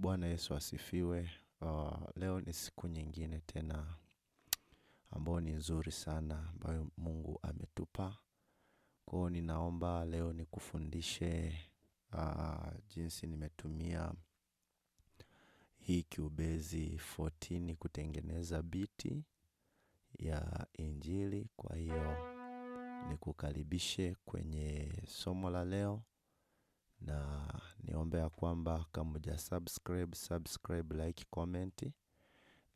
Bwana Yesu asifiwe, ah, leo ni siku nyingine tena ambayo ni nzuri sana ambayo Mungu ametupa. Kwa hiyo ninaomba leo nikufundishe ah, jinsi nimetumia hii Cubase 14 kutengeneza biti ya injili. Kwa hiyo nikukaribishe kwenye somo la leo na niombe ya kwamba kama uja subscribe, subscribe, like, comment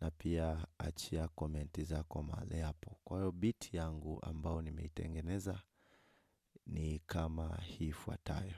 na pia achia komenti zako mahali hapo. Kwa hiyo biti yangu ambao nimeitengeneza ni kama hii ifuatayo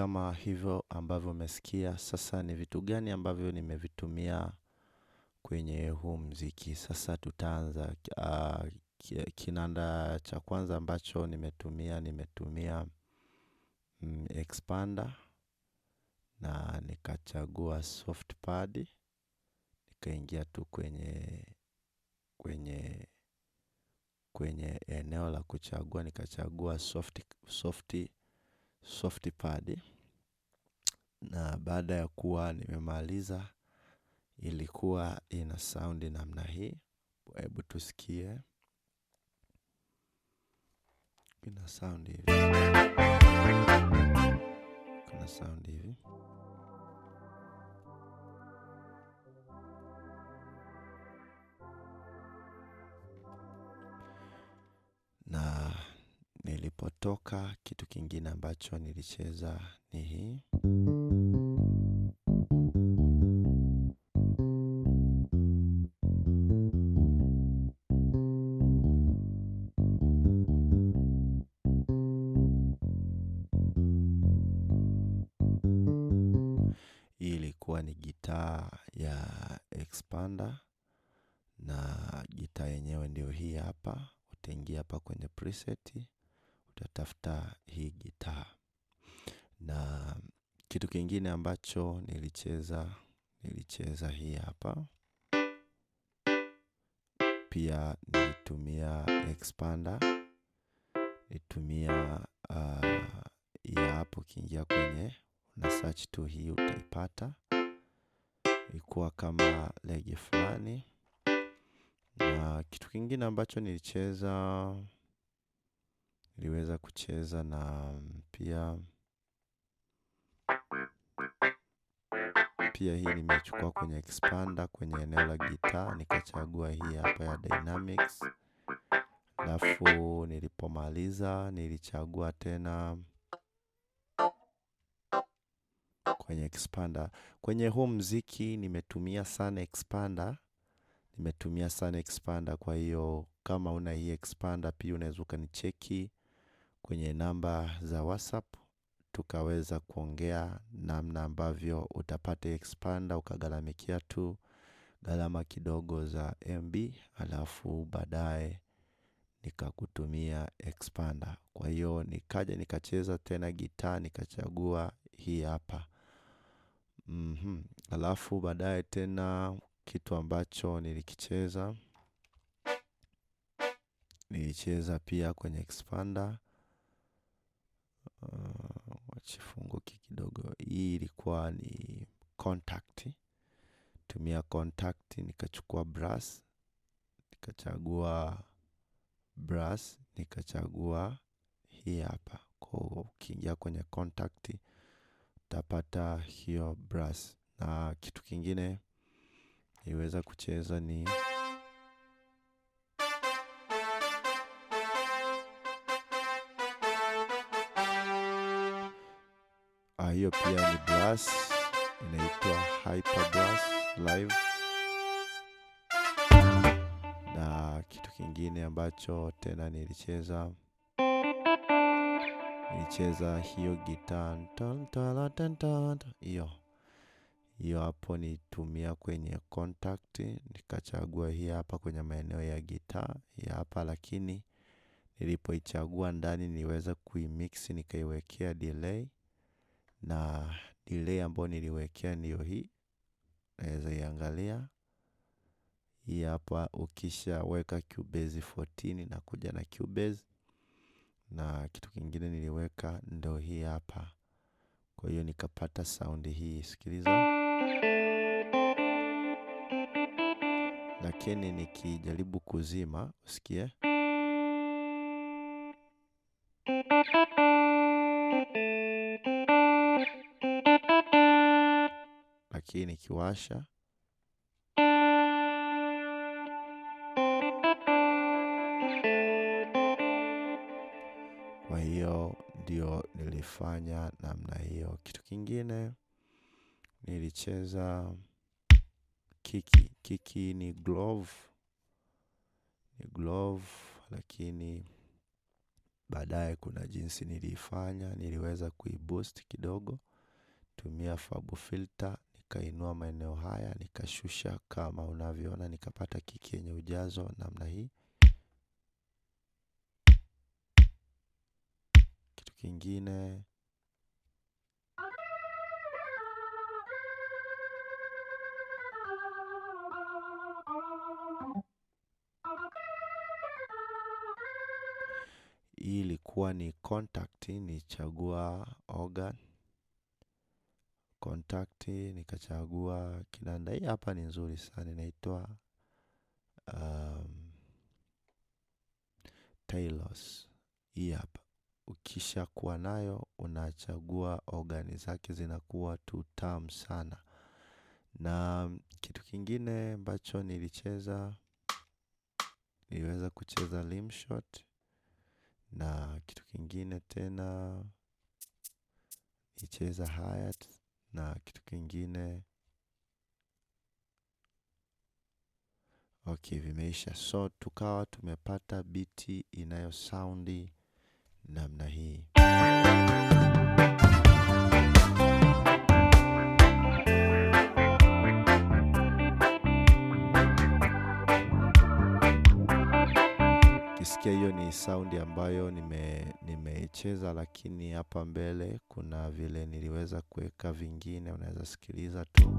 kama hivyo ambavyo umesikia. Sasa ni vitu gani ambavyo nimevitumia kwenye huu mziki. Sasa tutaanza ah, kinanda cha kwanza ambacho nimetumia, nimetumia mm, expander na nikachagua soft pad. Nikaingia tu kwenye eneo la kuchagua nikachagua soft pad na baada ya kuwa nimemaliza ilikuwa ina saundi namna hii. hebu tusikie. Ina soundi hivi. Kuna soundi hivi. Na nilipotoka kitu kingine ambacho nilicheza ni hii. gitaa ya expander na gitaa yenyewe ndio hii hapa. Utaingia hapa kwenye preset, utatafuta hii gitaa. Na kitu kingine ambacho nilicheza nilicheza hii hapa pia, nilitumia expander, nilitumia uh, ah, ya hapo. Ukiingia kwenye una search tu hii utaipata ilikuwa kama lege fulani, na kitu kingine ambacho nilicheza niliweza kucheza na pia pia hii nimechukua kwenye expander kwenye eneo la gitaa nikachagua hii hapa ya dynamics alafu nilipomaliza nilichagua tena kwenye expander. Kwenye huu mziki nimetumia sana expander. Nimetumia sana expander kwa hiyo kama una hii expander pia unaweza ukanicheki kwenye namba za WhatsApp. Tukaweza kuongea namna ambavyo utapata expander ukagharamikia tu gharama kidogo za MB alafu baadaye nikakutumia expander. Kwa hiyo nikaja nikacheza tena gitaa nikachagua hii hapa. Mhm. Alafu baadaye tena kitu ambacho nilikicheza nilicheza pia kwenye expander ah, wachifunguki kidogo hii ilikuwa ni contact tumia contact nikachukua brass nikachagua brass nikachagua hii hapa kwa ukiingia kwenye contact utapata hiyo brass. Na kitu kingine niweza kucheza ni ah, hiyo pia ni brass, inaitwa hyper brass live. Na kitu kingine ambacho tena nilicheza nilicheza hiyo gitaa hiyo hiyo hapo, nitumia kwenye contact, nikachagua hii hapa kwenye maeneo ya gitaa hii hapa, lakini nilipoichagua ndani niweza kuimix, nikaiwekea delay na delay ambayo niliwekea ndiyo hii, naweza iangalia hii hapa. Ukishaweka Cubase 14 na kuja na Cubase na kitu kingine niliweka ndo hii hapa. Kwa hiyo nikapata saundi hii, sikiliza. Lakini nikijaribu kuzima, usikie lakini nikiwasha kufanya namna hiyo. Kitu kingine nilicheza kiki. Kiki ni glove, ni glove, lakini baadaye kuna jinsi niliifanya, niliweza kuiboost kidogo, tumia fabu filter, nikainua maeneo haya, nikashusha kama unavyoona, nikapata kiki yenye ujazo namna hii. kingine. Hii ilikuwa ni contact nilichagua organ. Contact nikachagua kinanda. Hii hapa ni nzuri sana inaitwa um, Taylor's hii hapa ukisha kuwa nayo unachagua ogani zake zinakuwa tu tam sana. Na kitu kingine ambacho nilicheza niliweza kucheza limshot. Na kitu kingine tena nicheza hyat Na kitu kingine ok vimeisha So tukawa tumepata biti inayo namna hii. Kisikia hiyo ni saundi ambayo nimecheza nime, lakini hapa mbele kuna vile niliweza kuweka vingine, unaweza sikiliza tu.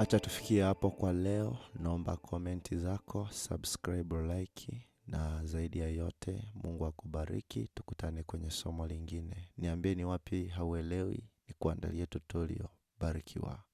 acha tufikie hapo kwa leo. Naomba komenti zako, subscribe, like na zaidi ya yote, Mungu akubariki. Tukutane kwenye somo lingine. Niambie ni wapi hauelewi, ni kuandalie tutorial. Barikiwa.